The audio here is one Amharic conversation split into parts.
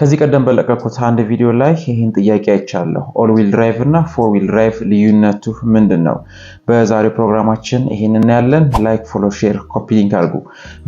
ከዚህ ቀደም በለቀኩት አንድ ቪዲዮ ላይ ይህን ጥያቄ አይቻለሁ። ኦል ዊል ድራይቭ እና ፎር ዊል ድራይቭ ልዩነቱ ምንድን ነው? በዛሬው ፕሮግራማችን ይህን እናያለን። ላይክ፣ ፎሎ፣ ሼር፣ ኮፒ ሊንክ አድርጉ።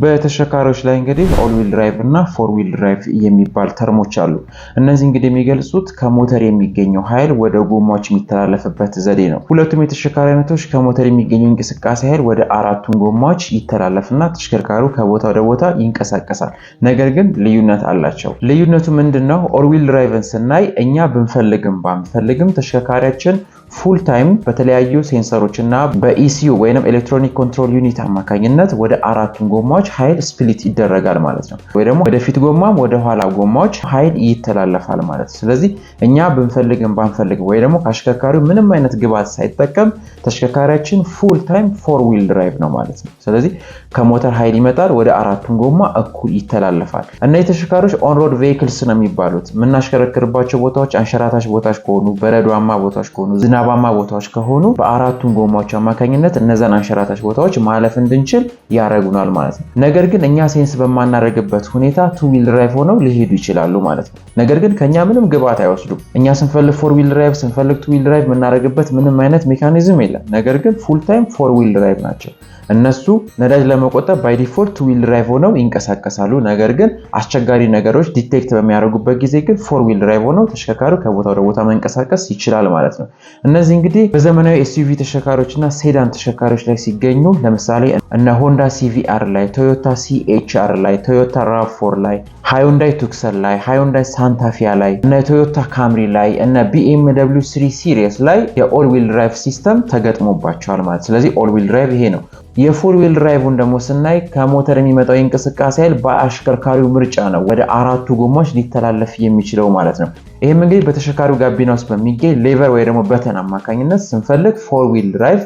በተሽከርካሪዎች ላይ እንግዲህ ኦል ዊል ድራይቭ እና ፎር ዊል ድራይቭ የሚባል ተርሞች አሉ። እነዚህ እንግዲህ የሚገልጹት ከሞተር የሚገኘው ኃይል ወደ ጎማዎች የሚተላለፍበት ዘዴ ነው። ሁለቱም የተሽከርካሪ አይነቶች ከሞተር የሚገኘው እንቅስቃሴ ኃይል ወደ አራቱም ጎማዎች ይተላለፍና ተሽከርካሪው ከቦታ ወደ ቦታ ይንቀሳቀሳል። ነገር ግን ልዩነት አላቸው። ልዩነቱ ምንድን ነው ኦርዊል ድራይቭን ስናይ እኛ ብንፈልግም ባንፈልግም ተሽከርካሪያችን ፉል ታይም በተለያዩ ሴንሰሮች እና በኢሲዩ ወይም ኤሌክትሮኒክ ኮንትሮል ዩኒት አማካኝነት ወደ አራቱም ጎማዎች ኃይል ስፕሊት ይደረጋል ማለት ነው። ወይ ደግሞ ወደፊት ጎማም ወደ ኋላ ጎማዎች ኃይል ይተላለፋል ማለት ነው። ስለዚህ እኛ ብንፈልግም ባንፈልግም ወይ ደግሞ ከአሽከርካሪው ምንም አይነት ግብዓት ሳይጠቀም ተሽከርካሪያችን ፉል ታይም ፎር ዊል ድራይቭ ነው ማለት ነው። ስለዚህ ከሞተር ኃይል ይመጣል፣ ወደ አራቱም ጎማ እኩል ይተላለፋል። እነዚህ ተሽከርካሪዎች ኦንሮድ ቬክልስ ነው የሚባሉት። የምናሽከረክርባቸው ቦታዎች አንሸራታች ቦታዎች ከሆኑ በረዷማ ቦታዎች ከሆኑ ዝና ዝናባማ ቦታዎች ከሆኑ በአራቱም ጎማዎች አማካኝነት እነዛን አንሸራታች ቦታዎች ማለፍ እንድንችል ያደረጉናል ማለት ነው። ነገር ግን እኛ ሴንስ በማናደርግበት ሁኔታ ቱ ዊል ድራይቭ ሆነው ሊሄዱ ይችላሉ ማለት ነው። ነገር ግን ከኛ ምንም ግብዓት አይወስዱም። እኛ ስንፈልግ ፎር ዊል ድራይቭ፣ ስንፈልግ ቱ ዊል ድራይቭ የምናደርግበት ምንም አይነት ሜካኒዝም የለም። ነገር ግን ፉል ታይም ፎር ዊል ድራይቭ ናቸው። እነሱ ነዳጅ ለመቆጠብ ባይ ዲፎልት ቱ ዊል ድራይቭ ሆነው ይንቀሳቀሳሉ። ነገር ግን አስቸጋሪ ነገሮች ዲቴክት በሚያደርጉበት ጊዜ ግን ፎር ዊል ድራይቭ ሆነው ተሽከርካሪው ከቦታ ወደ ቦታ መንቀሳቀስ ይችላል ማለት ነው። እነዚህ እንግዲህ በዘመናዊ ኤስዩቪ ተሽከርካሪዎች እና ሴዳን ተሽከርካሪዎች ላይ ሲገኙ ለምሳሌ እነ ሆንዳ ሲቪአር ላይ፣ ቶዮታ ሲኤችአር ላይ፣ ቶዮታ ራፎር ላይ፣ ሃዩንዳይ ቱክሰር ላይ፣ ሃዩንዳይ ሳንታፊያ ላይ፣ እነ ቶዮታ ካምሪ ላይ፣ እነ ቢኤምደብሊው ስሪ ሲሪየስ ላይ የኦል ዊል ድራይቭ ሲስተም ተገጥሞባቸዋል ማለት ስለዚህ ኦል ዊል ድራይቭ ይሄ ነው። የፉል ዊል ድራይቭን ደግሞ ስናይ ከሞተር የሚመጣው የእንቅስቃሴ ኃይል በአሽከርካሪው ምርጫ ነው ወደ አራቱ ጎማዎች ሊተላለፍ የሚችለው ማለት ነው። ይህም እንግዲህ በተሽከርካሪው ጋቢና ውስጥ በሚገኝ ሌቨር ወይ ደግሞ በተን አማካኝነት ስንፈልግ ፎር ዊል ድራይቭ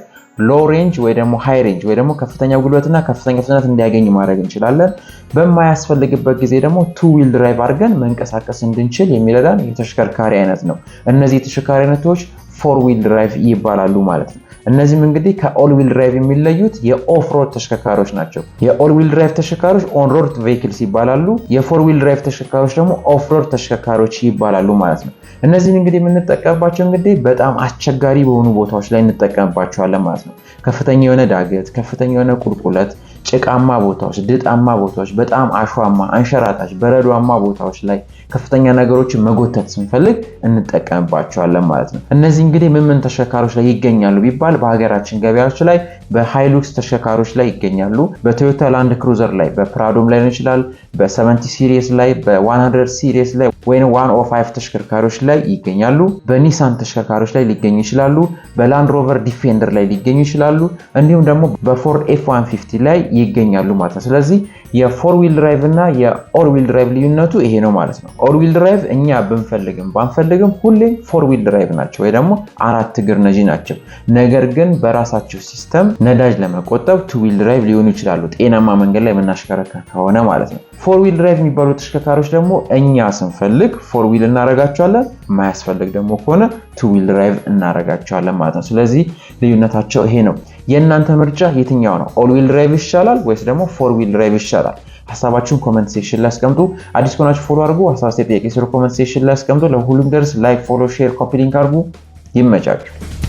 ሎ ሬንጅ ወይ ደግሞ ሃይ ሬንጅ ወይ ደግሞ ከፍተኛ ጉልበትና ከፍተኛ ፍጥነት እንዲያገኝ ማድረግ እንችላለን። በማያስፈልግበት ጊዜ ደግሞ ቱ ዊል ድራይቭ አድርገን መንቀሳቀስ እንድንችል የሚረዳን የተሽከርካሪ አይነት ነው። እነዚህ የተሽከርካሪ አይነቶች ፎር ዊል ድራይቭ ይባላሉ ማለት ነው። እነዚህም እንግዲህ ከኦል ዊል ድራይቭ የሚለዩት የኦፍሮድ ተሽከርካሪዎች ናቸው። የኦል ዊል ድራይቭ ተሽከርካሪዎች ኦንሮድ ቬክልስ ይባላሉ። የፎር ዊል ድራይቭ ተሽከርካሪዎች ደግሞ ኦፍሮድ ተሽከርካሪዎች ይባላሉ ማለት ነው። እነዚህን እንግዲህ የምንጠቀምባቸው እንግዲህ በጣም አስቸጋሪ በሆኑ ቦታዎች ላይ እንጠቀምባቸዋለን ማለት ነው። ከፍተኛ የሆነ ዳገት፣ ከፍተኛ የሆነ ቁልቁለት ጭቃማ ቦታዎች፣ ድጣማ ቦታዎች፣ በጣም አሸዋማ፣ አንሸራታች፣ በረዷማ ቦታዎች ላይ ከፍተኛ ነገሮችን መጎተት ስንፈልግ እንጠቀምባቸዋለን ማለት ነው። እነዚህ እንግዲህ ምን ምን ተሽከርካሪዎች ላይ ይገኛሉ ቢባል በሀገራችን ገበያዎች ላይ በሃይሉክስ ተሽከርካሪዎች ላይ ይገኛሉ። በቶዮታ ላንድ ክሩዘር ላይ፣ በፕራዶም ላይ ሊሆን ይችላል፣ በ70 ሲሪየስ ላይ፣ በ100 ሲሪየስ ላይ ወይም 105 ተሽከርካሪዎች ላይ ይገኛሉ። በኒሳን ተሽከርካሪዎች ላይ ሊገኙ ይችላሉ። በላንድ ሮቨር ዲፌንደር ላይ ሊገኙ ይችላሉ። እንዲሁም ደግሞ በፎርድ ኤፍ 150 ላይ ይገኛሉ ማለት ነው። ስለዚህ የፎር ዊል ድራይቭ እና የኦር ዊል ድራይቭ ልዩነቱ ይሄ ነው ማለት ነው። ኦር ዊል ድራይቭ እኛ ብንፈልግም ባንፈልግም ሁሌም ፎር ዊል ድራይቭ ናቸው ወይ ደግሞ አራት እግር ነጂ ናቸው። ነገር ግን በራሳቸው ሲስተም ነዳጅ ለመቆጠብ ቱ ዊል ድራይቭ ሊሆኑ ይችላሉ፣ ጤናማ መንገድ ላይ የምናሽከረከር ከሆነ ማለት ነው። ፎር ዊል ድራይቭ የሚባሉ ተሽከርካሪዎች ደግሞ እኛ ስንፈልግ ፎር ዊል እናረጋቸዋለን፣ ማያስፈልግ ደግሞ ከሆነ ቱ ዊል ድራይቭ እናረጋቸዋለን ማለት ነው። ስለዚህ ልዩነታቸው ይሄ ነው። የእናንተ ምርጫ የትኛው ነው? ኦል ዊል ድራይቭ ይሻላል ወይስ ደግሞ ፎር ዊል ድራይቭ ይሻላል? ሀሳባችሁን ኮመንት ሴክሽን ላይ አስቀምጡ። አዲስ ከሆናችሁ ፎሎ አድርጉ። ሀሳብ ጥያቄ ስሩ ኮመንት ሴክሽን ላይ አስቀምጡ። ለሁሉም ደርስ ላይክ፣ ፎሎ፣ ሼር፣ ኮፒ ሊንክ አድርጉ። ይመቻችሁ።